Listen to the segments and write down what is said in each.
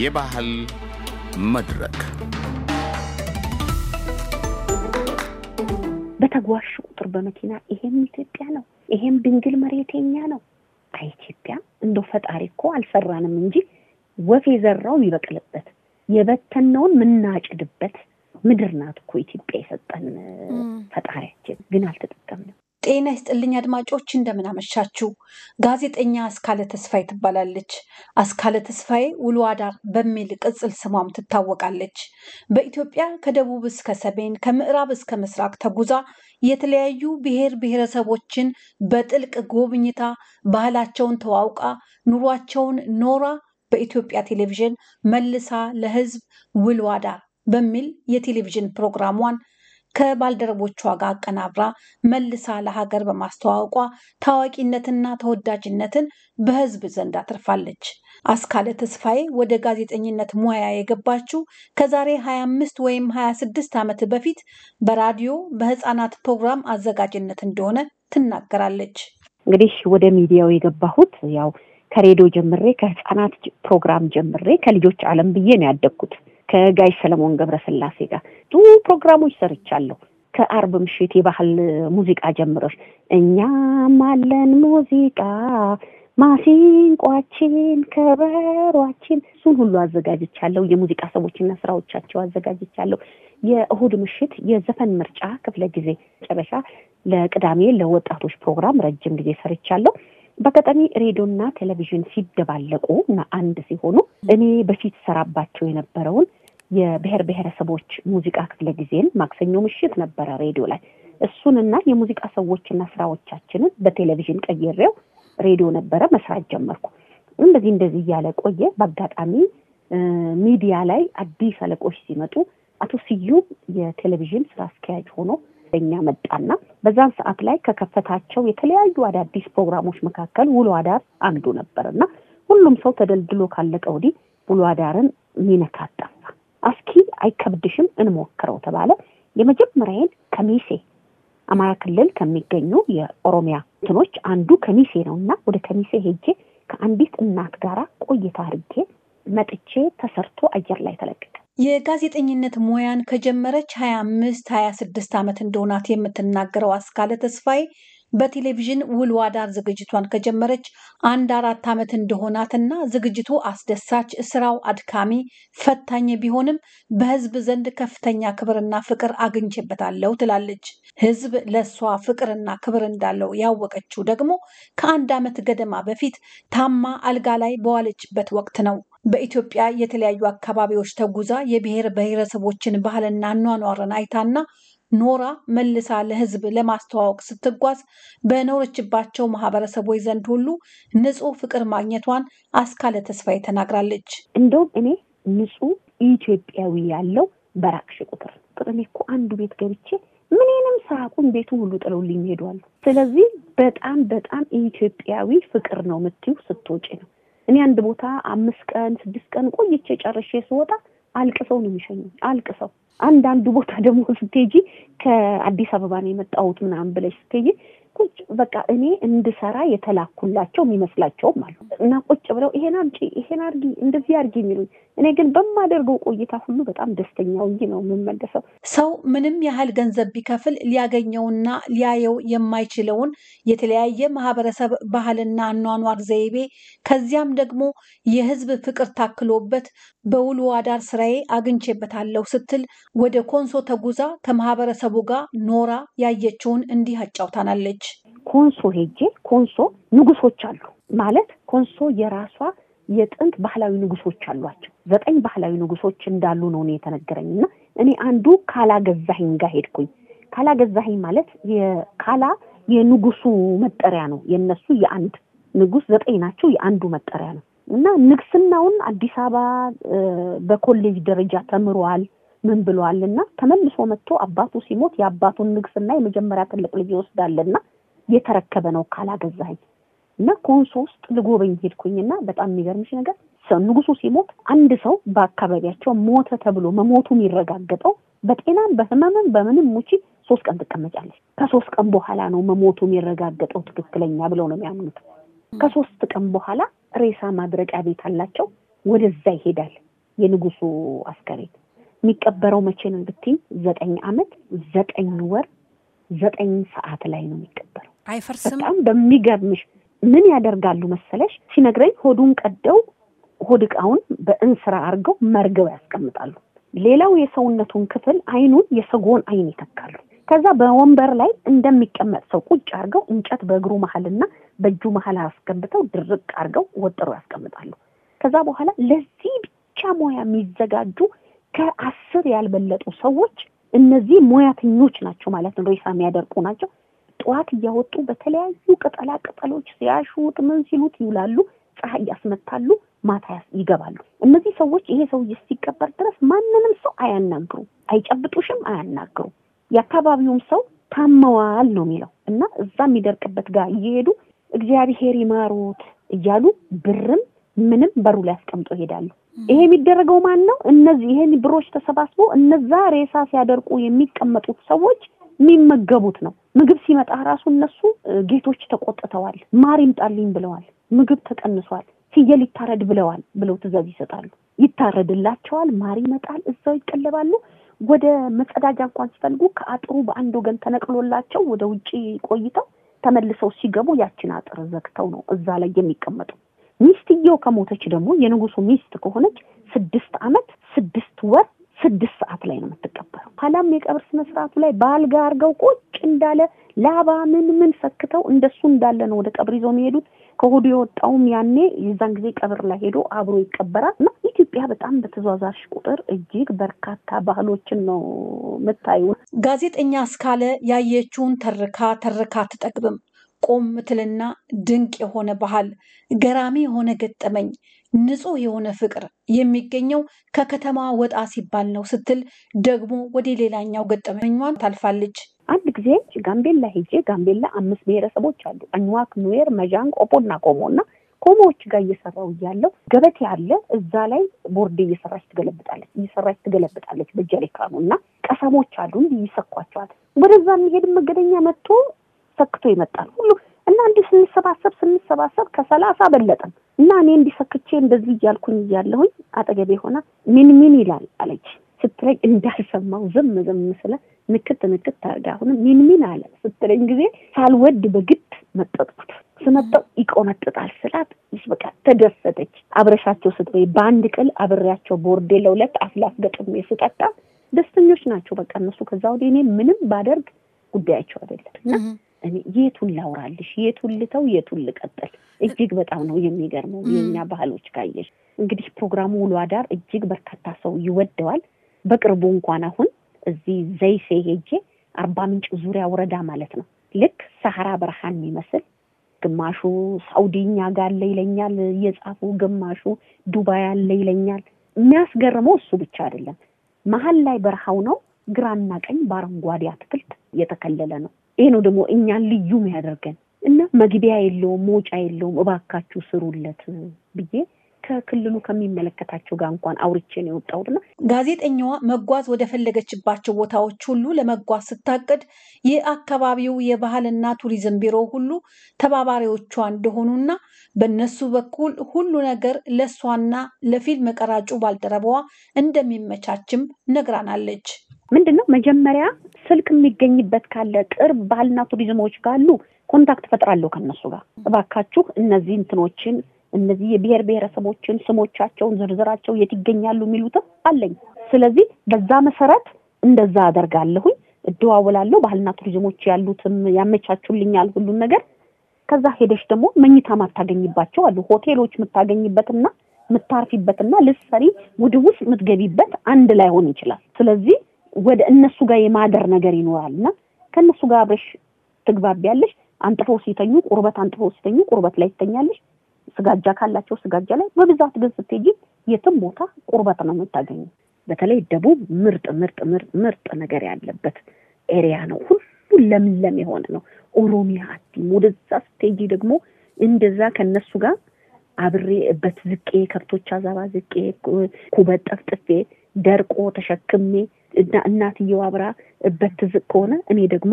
የባህል መድረክ በተጓሽ ቁጥር በመኪና ይሄም ኢትዮጵያ ነው፣ ይሄም ድንግል መሬቴኛ ነው። አይ ኢትዮጵያ እንደ ፈጣሪ እኮ አልሰራንም እንጂ ወፍ የዘራው የሚበቅልበት የበተነውን የምናጭድበት ምድር ናት እኮ ኢትዮጵያ የሰጠን ፈጣሪያችን፣ ግን አልተጠቀምንም። ጤና ይስጥልኝ አድማጮች፣ እንደምናመሻችሁ። ጋዜጠኛ አስካለ ተስፋዬ ትባላለች። አስካለ ተስፋዬ ውሎ አዳር በሚል ቅጽል ስሟም ትታወቃለች። በኢትዮጵያ ከደቡብ እስከ ሰሜን ከምዕራብ እስከ ምስራቅ ተጉዛ የተለያዩ ብሔር ብሔረሰቦችን በጥልቅ ጎብኝታ ባህላቸውን ተዋውቃ ኑሯቸውን ኖራ በኢትዮጵያ ቴሌቪዥን መልሳ ለሕዝብ ውሎ አዳር በሚል የቴሌቪዥን ፕሮግራሟን ከባልደረቦቿ ጋር አቀናብራ መልሳ ለሀገር በማስተዋወቋ ታዋቂነትና ተወዳጅነትን በህዝብ ዘንድ አትርፋለች። አስካለ ተስፋዬ ወደ ጋዜጠኝነት ሙያ የገባችው ከዛሬ 25 ወይም 26 ዓመት በፊት በራዲዮ በህፃናት ፕሮግራም አዘጋጅነት እንደሆነ ትናገራለች። እንግዲህ ወደ ሚዲያው የገባሁት ያው ከሬዲዮ ጀምሬ ከህፃናት ፕሮግራም ጀምሬ ከልጆች ዓለም ብዬ ነው ያደግኩት። ከጋይ ሰለሞን ገብረስላሴ ጋር ጥሩ ፕሮግራሞች ሰርቻለሁ። ከአርብ ምሽት የባህል ሙዚቃ ጀምረሽ እኛም አለን ሙዚቃ ማሲንቋችን፣ ከበሯችን እሱን ሁሉ አዘጋጅቻለሁ። የሙዚቃ ሰዎችና ስራዎቻቸው አዘጋጅቻለሁ። የእሁድ ምሽት የዘፈን ምርጫ ክፍለ ጊዜ ጨበሻ ለቅዳሜ ለወጣቶች ፕሮግራም ረጅም ጊዜ ሰርቻለሁ። በአጋጣሚ ሬዲዮና ቴሌቪዥን ሲደባለቁ እና አንድ ሲሆኑ እኔ በፊት ሰራባቸው የነበረውን የብሔር ብሔረሰቦች ሙዚቃ ክፍለ ጊዜን ማክሰኞ ምሽት ነበረ ሬዲዮ ላይ እሱንና የሙዚቃ ሰዎችና ስራዎቻችንን በቴሌቪዥን ቀይሬው ሬዲዮ ነበረ መስራት ጀመርኩ። እንደዚህ እንደዚህ እያለ ቆየ። በአጋጣሚ ሚዲያ ላይ አዲስ አለቆች ሲመጡ አቶ ስዩም የቴሌቪዥን ስራ አስኪያጅ ሆኖ እኛ መጣና በዛን ሰዓት ላይ ከከፈታቸው የተለያዩ አዳዲስ ፕሮግራሞች መካከል ውሎ አዳር አንዱ ነበር እና ሁሉም ሰው ተደልድሎ ካለቀ ወዲህ ውሎ አዳርን ሚነካ ጠፋ። እስኪ አይከብድሽም እንሞክረው ተባለ። የመጀመሪያዬን ከሚሴ አማራ ክልል ከሚገኙ የኦሮሚያ እንትኖች አንዱ ከሚሴ ነው እና ወደ ከሚሴ ሄጄ ከአንዲት እናት ጋራ ቆይታ አድርጌ መጥቼ ተሰርቶ አየር ላይ ተለቀቀ። የጋዜጠኝነት ሙያን ከጀመረች 25 26 ዓመት እንደሆናት የምትናገረው አስካለ ተስፋዬ በቴሌቪዥን ውል ዋዳር ዝግጅቷን ከጀመረች አንድ አራት ዓመት እንደሆናትና ዝግጅቱ አስደሳች፣ ስራው አድካሚ፣ ፈታኝ ቢሆንም በህዝብ ዘንድ ከፍተኛ ክብርና ፍቅር አግኝቼበታለሁ ትላለች። ህዝብ ለእሷ ፍቅርና ክብር እንዳለው ያወቀችው ደግሞ ከአንድ ዓመት ገደማ በፊት ታማ አልጋ ላይ በዋለችበት ወቅት ነው። በኢትዮጵያ የተለያዩ አካባቢዎች ተጉዛ የብሔር ብሔረሰቦችን ባህልና አኗኗርን አይታና ኖራ መልሳ ለሕዝብ ለማስተዋወቅ ስትጓዝ በኖረችባቸው ማህበረሰቦች ዘንድ ሁሉ ንጹህ ፍቅር ማግኘቷን አስካለ ተስፋዬ ተናግራለች። እንደውም እኔ ንጹህ ኢትዮጵያዊ ያለው በራቅሽ ቁጥር እኔ እኮ አንዱ ቤት ገብቼ ምንንም ሳቁን ቤቱ ሁሉ ጥለውልኝ ሄዷል። ስለዚህ በጣም በጣም ኢትዮጵያዊ ፍቅር ነው የምትይው ስትወጪ ነው እኔ አንድ ቦታ አምስት ቀን ስድስት ቀን ቆይቼ ጨርሼ ስወጣ አልቅሰው ነው የሚሸኙኝ። አልቅሰው አንዳንዱ ቦታ ደግሞ ስትሄጂ ከአዲስ አበባ ነው የመጣሁት ምናምን ብለሽ ስትሄጂ ሴቶች በቃ እኔ እንድሰራ የተላኩላቸው የሚመስላቸውም አሉ እና ቁጭ ብለው ይሄን አምጪ፣ ይሄን አርጊ፣ እንደዚህ አርጊ የሚሉኝ እኔ ግን በማደርገው ቆይታ ሁሉ በጣም ደስተኛ ውይ ነው የምመለሰው። ሰው ምንም ያህል ገንዘብ ቢከፍል ሊያገኘውና ሊያየው የማይችለውን የተለያየ ማህበረሰብ ባህልና አኗኗር ዘይቤ ከዚያም ደግሞ የህዝብ ፍቅር ታክሎበት በውሉ አዳር ስራዬ አግኝቼበታለሁ ስትል ወደ ኮንሶ ተጉዛ ከማህበረሰቡ ጋር ኖራ ያየችውን እንዲህ አጫውታናለች። ኮንሶ ሄጄ ኮንሶ ንጉሶች አሉ ማለት ኮንሶ የራሷ የጥንት ባህላዊ ንጉሶች አሏቸው። ዘጠኝ ባህላዊ ንጉሶች እንዳሉ ነው እኔ የተነገረኝ እና እኔ አንዱ ካላ ገዛህኝ ጋር ሄድኩኝ። ካላገዛኸኝ ማለት የካላ የንጉሱ መጠሪያ ነው። የነሱ የአንድ ንጉስ ዘጠኝ ናቸው። የአንዱ መጠሪያ ነው። እና ንግስናውን አዲስ አበባ በኮሌጅ ደረጃ ተምሯል። ምን ብሏል እና ተመልሶ መጥቶ አባቱ ሲሞት የአባቱን ንግስና የመጀመሪያ ትልቅ ልጅ ይወስዳልና የተረከበ ነው ካላገዛኝ እና ኮንሶ ውስጥ ልጎበኝ ሄድኩኝና በጣም የሚገርምሽ ነገር ንጉሱ ሲሞት አንድ ሰው በአካባቢያቸው ሞተ ተብሎ መሞቱ የሚረጋገጠው በጤናም በህመምም በምንም ሙቺ ሶስት ቀን ትቀመጫለች። ከሶስት ቀን በኋላ ነው መሞቱ የሚረጋገጠው ትክክለኛ ብለው ነው የሚያምኑት። ከሶስት ቀን በኋላ ሬሳ ማድረቂያ ቤት አላቸው። ወደዛ ይሄዳል የንጉሱ አስከሬት። የሚቀበረው መቼ ነው ዘጠኝ አመት ዘጠኝ ወር ዘጠኝ ሰዓት ላይ ነው የሚቀበረው። አይፈርስም። በጣም በሚገርምሽ ምን ያደርጋሉ መሰለሽ፣ ሲነግረኝ ሆዱን ቀደው ሆድ እቃውን በእንስራ አድርገው መርገው ያስቀምጣሉ። ሌላው የሰውነቱን ክፍል አይኑን የሰጎን አይን ይተካሉ። ከዛ በወንበር ላይ እንደሚቀመጥ ሰው ቁጭ አድርገው እንጨት በእግሩ መሀልና በእጁ መሀል አስገብተው ድርቅ አድርገው ወጥረው ያስቀምጣሉ። ከዛ በኋላ ለዚህ ብቻ ሙያ የሚዘጋጁ ከአስር ያልበለጡ ሰዎች እነዚህ ሙያተኞች ናቸው ማለት ነው። ሬሳ የሚያደርቁ ናቸው። ጠዋት እያወጡ በተለያዩ ቅጠላ ቅጠሎች ሲያሹት ምን ሲሉት ይውላሉ። ፀሐይ ያስመታሉ። ማታ ይገባሉ። እነዚህ ሰዎች ይሄ ሰውዬ እስኪቀበር ድረስ ማንንም ሰው አያናግሩ፣ አይጨብጡሽም፣ አያናግሩ። የአካባቢውም ሰው ታመዋል ነው የሚለው እና እዛ የሚደርቅበት ጋር እየሄዱ እግዚአብሔር ይማሩት እያሉ ብርም ምንም በሩ ላይ አስቀምጦ ይሄዳሉ። ይሄ የሚደረገው ማን ነው? እነዚህ ይሄን ብሮች ተሰባስቦ እነዛ ሬሳ ሲያደርቁ የሚቀመጡት ሰዎች የሚመገቡት ነው። ምግብ ሲመጣ ራሱ እነሱ ጌቶች ተቆጥተዋል። ማር ይምጣልኝ ብለዋል። ምግብ ተቀንሷል። ፍየል ይታረድ ብለዋል ብለው ትእዛዝ ይሰጣሉ። ይታረድላቸዋል። ማር ይመጣል። እዛው ይቀለባሉ። ወደ መጸዳጃ እንኳን ሲፈልጉ ከአጥሩ በአንድ ወገን ተነቅሎላቸው ወደ ውጭ ቆይተው ተመልሰው ሲገቡ ያችን አጥር ዘግተው ነው እዛ ላይ የሚቀመጡ። ሚስትየው ከሞተች ደግሞ የንጉሱ ሚስት ከሆነች ስድስት ዓመት ስድስት ወር ስድስት ሰዓት ላይ ነው የምትቀበረው። ኋላም የቀብር ስነ ስርዓቱ ላይ በአልጋ አድርገው ቁጭ እንዳለ ላባ ምን ምን ሰክተው እንደሱ እንዳለ ነው ወደ ቀብር ይዘው የሚሄዱት። ከሆዱ የወጣውም ያኔ የዛን ጊዜ ቀብር ላይ ሄዶ አብሮ ይቀበራል እና ኢትዮጵያ በጣም በተዟዟርሽ ቁጥር እጅግ በርካታ ባህሎችን ነው የምታዩ። ጋዜጠኛ እስካለ ያየችውን ተርካ ተርካ አትጠግብም። ቆም ምትልና ድንቅ የሆነ ባህል፣ ገራሚ የሆነ ገጠመኝ፣ ንጹህ የሆነ ፍቅር የሚገኘው ከከተማ ወጣ ሲባል ነው ስትል ደግሞ ወደ ሌላኛው ገጠመኟን ታልፋለች። አንድ ጊዜ ጋምቤላ ሄጄ ጋምቤላ አምስት ብሔረሰቦች አሉ። አኝዋክ፣ ኑዌር፣ መዣንግ፣ ኦፖና ቆሞ እና ኮሞዎች ጋር እየሰራው እያለው ገበቴ አለ። እዛ ላይ ቦርዴ እየሰራች ትገለብጣለች እየሰራች ትገለብጣለች በጀሪካኑ እና ቀሰሞች አሉ እንዲህ ይሰኳቸዋል። ወደዛ የሚሄድ መገደኛ መጥቶ ሰክቶ ይመጣል ሁሉ እና እንዲህ ስንሰባሰብ ስንሰባሰብ ከሰላሳ በለጠን እና እኔ እንዲሰክቼ እንደዚህ እያልኩኝ እያለሁኝ አጠገቤ ሆና ምን ምን ይላል አለች ስትለኝ እንዳልሰማው ዝም ዝም ስለ ንክት ንክት ታርጋ አሁንም ምን ምን አለ ስትለኝ ጊዜ ሳልወድ በግድ መጠጥኩት። ስመጠው ይቆመጥጣል ስላት በቃ ተደሰተች። አብረሻቸው ስትበይ በአንድ ቅል አብሬያቸው ቦርዴ ለሁለት አፍላፍ ገጥሜ ስጠጣ ደስተኞች ናቸው። በቃ እነሱ ከዛ ወዲህ እኔ ምንም ባደርግ ጉዳያቸው አይደለም እና የቱን ላውራልሽ፣ የቱን ልተው፣ የቱን ልቀጥል? እጅግ በጣም ነው የሚገርመው። የኛ ባህሎች ካየሽ እንግዲህ ፕሮግራሙ ውሎ አዳር እጅግ በርካታ ሰው ይወደዋል። በቅርቡ እንኳን አሁን እዚህ ዘይሴ ሄጄ አርባ ምንጭ ዙሪያ ወረዳ ማለት ነው ልክ ሰሐራ በረሃን የሚመስል ግማሹ ሳውዲኛ ጋር አለ ይለኛል እየጻፉ ግማሹ ዱባይ አለ ይለኛል። የሚያስገርመው እሱ ብቻ አይደለም፣ መሀል ላይ በረሃው ነው፣ ግራና ቀኝ በአረንጓዴ አትክልት የተከለለ ነው። ይሄ ነው ደግሞ እኛን ልዩ ያደርገን እና መግቢያ የለውም መውጫ የለውም። እባካችሁ ስሩለት ብዬ ከክልሉ ከሚመለከታቸው ጋር እንኳን አውርቼ ነው የወጣሁትና ጋዜጠኛዋ መጓዝ ወደፈለገችባቸው ቦታዎች ሁሉ ለመጓዝ ስታቅድ የአካባቢው የባህልና ቱሪዝም ቢሮ ሁሉ ተባባሪዎቿ እንደሆኑና በእነሱ በኩል ሁሉ ነገር ለእሷና ለፊልም ቀራጩ ባልደረባዋ እንደሚመቻችም ነግራናለች። ምንድን ነው መጀመሪያ ስልክ የሚገኝበት ካለ ቅርብ ባህልና ቱሪዝሞች ካሉ ኮንታክት ፈጥራለሁ ከነሱ ጋር። እባካችሁ እነዚህ እንትኖችን እነዚህ የብሔር ብሔረሰቦችን ስሞቻቸውን፣ ዝርዝራቸው፣ የት ይገኛሉ የሚሉትም አለኝ። ስለዚህ በዛ መሰረት እንደዛ አደርጋለሁኝ፣ እደዋወላለሁ። ባህልና ቱሪዝሞች ያሉትም ያመቻቹልኛል ሁሉን ነገር። ከዛ ሄደሽ ደግሞ መኝታ ማታገኝባቸው አሉ ሆቴሎች የምታገኝበትና የምታርፊበትና ልትሰሪ ወደ ውስጥ የምትገቢበት አንድ ላይ ሆን ይችላል። ስለዚህ ወደ እነሱ ጋር የማደር ነገር ይኖራል እና ከእነሱ ጋር አብረሽ ትግባቢያለሽ። አንጥፈው ሲተኙ ቁርበት አንጥፈው ሲተኙ ቁርበት ላይ ትተኛለሽ። ስጋጃ ካላቸው ስጋጃ ላይ። በብዛት ግን ስትሄጂ የትም ቦታ ቁርበት ነው የምታገኙ። በተለይ ደቡብ ምርጥ ምርጥ ምርጥ ምርጥ ነገር ያለበት ኤሪያ ነው። ሁሉ ለምለም የሆነ ነው። ኦሮሚያ አቲም ወደዛ ስትሄጂ ደግሞ እንደዛ ከነሱ ጋር አብሬ እበት ዝቄ ከብቶች አዛባ ዝቄ ኩበት ጠፍጥፌ ደርቆ ተሸክሜ እና እናትየው አብራ እበት ትዝቅ ከሆነ እኔ ደግሞ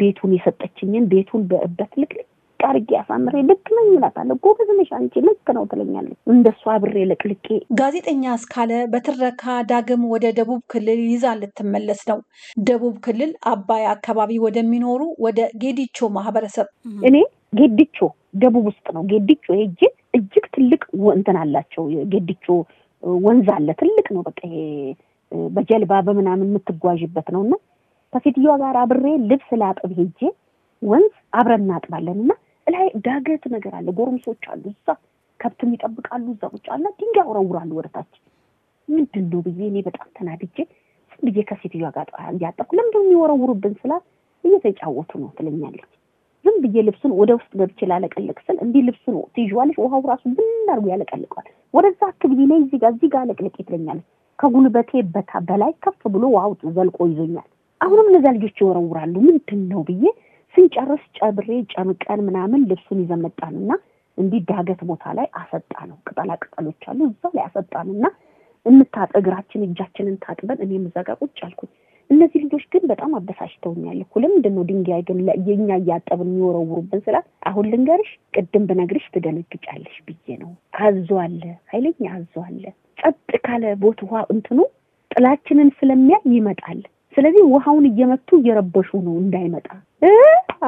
ቤቱን የሰጠችኝን ቤቱን በእበት ልክልክ አድርጌ አሳምሬ ልክ ነኝ እላታለሁ። ጎበዝ ነሽ አንቺ ልክ ነው ትለኛለች። እንደሱ አብሬ ለቅልቄ። ጋዜጠኛ እስካለ በትረካ ዳግም ወደ ደቡብ ክልል ይዛ ልትመለስ ነው። ደቡብ ክልል አባይ አካባቢ ወደሚኖሩ ወደ ጌዲቾ ማህበረሰብ እኔ ጌዲቾ ደቡብ ውስጥ ነው። ጌዲቾ ሄጄ እጅግ ትልቅ እንትን አላቸው። ጌዲቾ ወንዝ አለ፣ ትልቅ ነው። በቃ በጀልባ በምናምን የምትጓዥበት ነው እና ከሴትዮዋ ጋር አብሬ ልብስ ላጥብ ሄጄ ወንዝ አብረን እናጥባለን እና ላይ ዳገት ነገር አለ፣ ጎረምሶች አሉ፣ እዛ ከብትም ይጠብቃሉ፣ እዛ ውጭ አለ፣ ድንጋይ አውረውራሉ ወደታች። ምንድን ነው ብዬ እኔ በጣም ተናድጄ ዝም ብዬ ከሴትዮዋ ጋር እያጠብኩ ለምንድን የሚወረውሩብን ስላ እየተጫወቱ ነው ትለኛለች። ዝም ብዬ ልብሱን ወደ ውስጥ ገብቼ ላለቀልቅ ስል እንዲህ ልብሱን ትይዋለች፣ ውሃው ራሱ ብናርጉ ያለቀልቀዋል። ወደዛ አትግቢ፣ ነይ እዚህ ጋር እዚህ ጋር አለቅልቄ ትለኛለች። ከጉልበቴ በታ በላይ ከፍ ብሎ ዋውጥ ዘልቆ ይዞኛል። አሁንም እነዚያ ልጆች ይወረውራሉ። ምንድን ነው ብዬ ስንጨርስ ጨብሬ ጨምቀን ምናምን ልብሱን ይዘን መጣንና እንዲህ ዳገት ቦታ ላይ አሰጣ ነው። ቅጠላ ቅጠሎች አሉ እዛው ላይ አሰጣ ነው እና እንታጥ እግራችን እጃችንን ታጥበን እኔም እዛ ጋር ቁጭ አልኩኝ። እነዚህ ልጆች ግን በጣም አበሳጭተውኛል እኮ ለምንድን ነው ድንጋይ ግን የእኛ እያጠብን የሚወረውሩብን ስላት፣ አሁን ልንገርሽ፣ ቅድም ብነግርሽ ትደነግጫለሽ ብዬ ነው። አዞ አለ ኃይለኛ አዞ አለ። ጸጥ ካለ ቦት ውሃ እንትኑ ጥላችንን ስለሚያይ ይመጣል። ስለዚህ ውሃውን እየመቱ እየረበሹ ነው እንዳይመጣ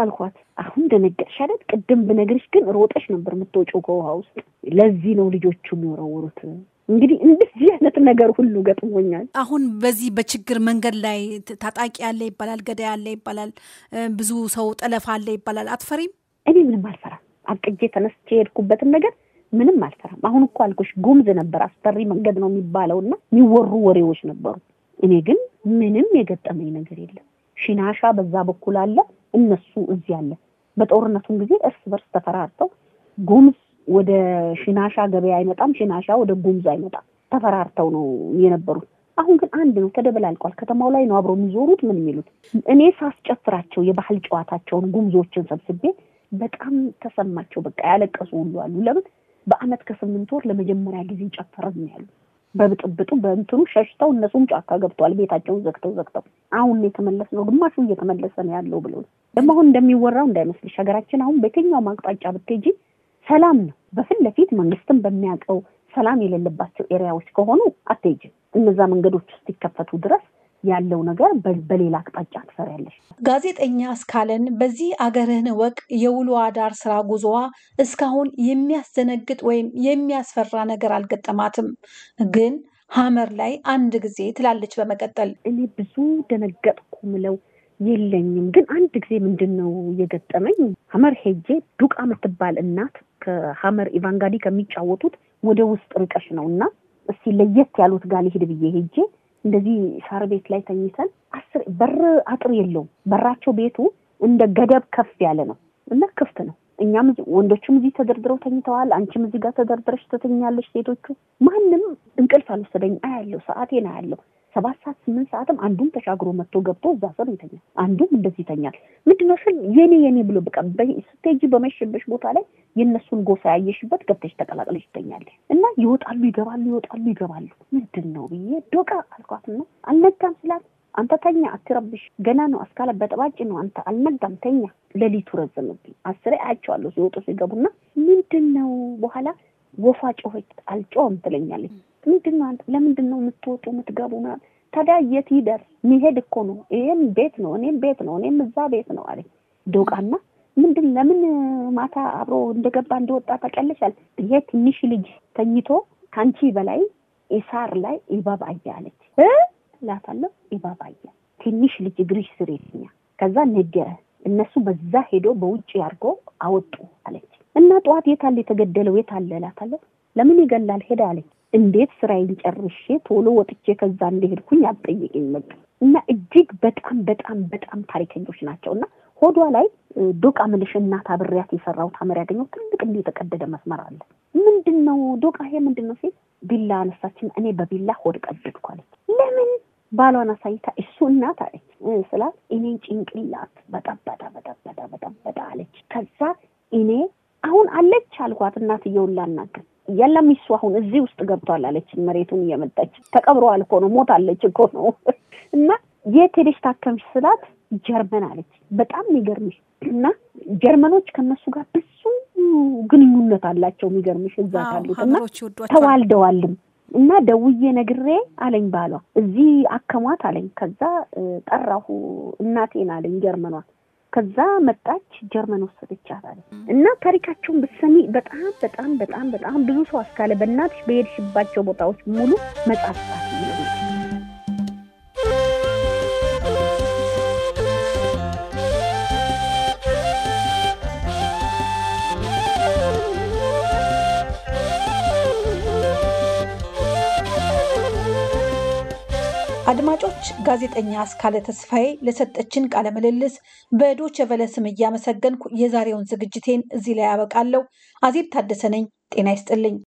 አልኳት። አሁን ደነገጥሽ አይደል? ቅድም ብነግርሽ ግን ሮጠሽ ነበር የምትወጪው ከውሃ ውስጥ። ለዚህ ነው ልጆቹ የሚወረውሩት። እንግዲህ እንደዚህ አይነት ነገር ሁሉ ገጥሞኛል። አሁን በዚህ በችግር መንገድ ላይ ታጣቂ አለ ይባላል፣ ገዳይ አለ ይባላል፣ ብዙ ሰው ጠለፋ አለ ይባላል። አትፈሪም? እኔ ምንም አልፈራም። አቅጄ ተነስቼ የሄድኩበትን ነገር ምንም አልሰራም። አሁን እኮ አልኩሽ ጉምዝ ነበር፣ አስፈሪ መንገድ ነው የሚባለው እና የሚወሩ ወሬዎች ነበሩ። እኔ ግን ምንም የገጠመኝ ነገር የለም። ሽናሻ በዛ በኩል አለ፣ እነሱ እዚህ አለ። በጦርነቱም ጊዜ እርስ በርስ ተፈራርተው ጉምዝ ወደ ሽናሻ ገበያ አይመጣም፣ ሽናሻ ወደ ጉምዝ አይመጣም። ተፈራርተው ነው የነበሩት። አሁን ግን አንድ ነው፣ ተደበላልቋል። ከተማው ላይ ነው አብረው የሚዞሩት ምን የሚሉት። እኔ ሳስጨፍራቸው የባህል ጨዋታቸውን ጉምዞችን ሰብስቤ በጣም ተሰማቸው። በቃ ያለቀሱ ሁሉ አሉ። ለምን በአመት ከስምንት ወር ለመጀመሪያ ጊዜ ጨፈርን ያሉ በብጥብጡ በእንትኑ ሸሽተው እነሱም ጫካ ገብተዋል። ቤታቸውን ዘግተው ዘግተው አሁን የተመለስ ነው ግማሹ እየተመለሰ ነው ያለው ብሎ ደግሞ አሁን እንደሚወራው እንዳይመስልሽ ሀገራችን አሁን በየትኛውም አቅጣጫ ብትሄጂ ሰላም ነው። በፊት ለፊት መንግስትን በሚያውቀው ሰላም የሌለባቸው ኤሪያዎች ከሆኑ አትሄጂም። እነዛ መንገዶች ይከፈቱ ድረስ ያለው ነገር በሌላ አቅጣጫ ትሰሪያለሽ። ጋዜጠኛ እስካለን በዚህ አገርህን ወቅ የውሎ አዳር ስራ ጉዞዋ እስካሁን የሚያስደነግጥ ወይም የሚያስፈራ ነገር አልገጠማትም ግን ሀመር ላይ አንድ ጊዜ ትላለች። በመቀጠል እኔ ብዙ ደነገጥኩ ምለው የለኝም፣ ግን አንድ ጊዜ ምንድን ነው የገጠመኝ ሀመር ሄጄ ዱቃ የምትባል እናት ከሀመር ኢቫንጋሊ ከሚጫወቱት ወደ ውስጥ ርቀሽ ነው እና እስቲ ለየት ያሉት ጋር ሊሄድ ብዬ ሄጄ እንደዚህ ሳር ቤት ላይ ተኝተን አስር በር አጥር የለውም። በራቸው ቤቱ እንደ ገደብ ከፍ ያለ ነው እና ክፍት ነው። እኛም ወንዶችም እዚህ ተደርድረው ተኝተዋል። አንቺም እዚህ ጋር ተደርድረሽ ትተኛለሽ። ሴቶቹ ማንም እንቅልፍ አልወሰደኝ አያለው፣ ሰዓቴን አያለው። ሰባት ሰዓት ስምንት ሰዓትም አንዱም ተሻግሮ መጥቶ ገብቶ እዛ ስር ይተኛል። አንዱም እንደዚህ ይተኛል። ምንድነው ስል የኔ የኔ ብሎ በቃ ስትሄጂ በመሸበሽ ቦታ ላይ የእነሱን ጎሳ ያየሽበት ገብተሽ ተቀላቅለሽ ይተኛለ እና ይወጣሉ ይገባሉ፣ ይወጣሉ ይገባሉ። ምንድን ነው ብዬ ዶቃ አልኳት ነው አልነጋም ስላት አንተ ተኛ አትረብሽ፣ ገና ነው አስካለ በጠባጭ ነው አንተ አልነጋም ተኛ። ሌሊቱ ረዘምብኝ። አስሬ አያቸዋለሁ ሲወጡ ሲገቡና ምንድን ነው በኋላ ወፏ ጮኸች። አልጮም ትለኛለች ምንድን ለምንድን ነው የምትወጡ የምትገቡ ምናምን ታዲያ የት ይደር ሚሄድ እኮ ነው ይሄም ቤት ነው እኔም ቤት ነው እኔም እዛ ቤት ነው አለ ዶቃና ምንድን ለምን ማታ አብሮ እንደገባ እንደወጣ ታውቂያለሽ ይሄ ትንሽ ልጅ ተኝቶ ከአንቺ በላይ ኢሳር ላይ አየ አለች እላታለሁ አየ ትንሽ ልጅ እግርሽ ስር የትኛ ከዛ ነገረ እነሱ በዛ ሄዶ በውጭ አድርጎ አወጡ አለች እና ጠዋት የት አለ የተገደለው የት አለ እላታለሁ ለምን ይገላል ሄደ አለች እንዴት ስራዬን ጨርሼ ቶሎ ወጥቼ ከዛ እንደሄድኩኝ አልጠየቀኝ መጡ እና እጅግ በጣም በጣም በጣም ታሪከኞች ናቸው እና ሆዷ ላይ ዶቃ ምልሽ እናት አብሬያት የሰራሁት ሐመር ያገኘው ትልቅ እንዲ የተቀደደ መስመር አለ። ምንድን ነው ዶቃ ይሄ ምንድን ነው ሲል ቢላ አነሳችን። እኔ በቢላ ሆድ ቀደድኩ አለች። ለምን ባሏን አሳይታ እሱ እናት አለች ስላት እኔን ጭንቅላት በጠበጠ በጠበጠ በጠበጠ አለች። ከዛ እኔ አሁን አለች አልኳት እናትየውን ላናገር የለም እሱ አሁን እዚህ ውስጥ ገብቷል አለችን። መሬቱን እየመጣች ተቀብረዋል እኮ ነው ሞታለች እኮ ነው እና የት ሄደሽ ታከምሽ ስላት ጀርመን አለች። በጣም የሚገርምሽ እና ጀርመኖች ከነሱ ጋር ብዙ ግንኙነት አላቸው። የሚገርምሽ እዛ ካሉት እና ተዋልደዋልም እና ደውዬ ነግሬ አለኝ ባሏ እዚህ አከሟት አለኝ። ከዛ ጠራሁ እናቴን አለኝ ጀርመኗት ከዛ መጣች ጀርመን ወሰደቻት አለ እና ታሪካቸውን ብትሰሚ በጣም በጣም በጣም በጣም ብዙ ሰው አስካለ በእናትሽ በሄድሽባቸው ቦታዎች ሙሉ መጽሐፍ አድማጮች፣ ጋዜጠኛ አስካለ ተስፋዬ ለሰጠችን ቃለ ምልልስ በዶቼ ቬለ ስም እያመሰገንኩ የዛሬውን ዝግጅቴን እዚህ ላይ ያበቃለሁ። አዜብ ታደሰ ነኝ። ጤና ይስጥልኝ።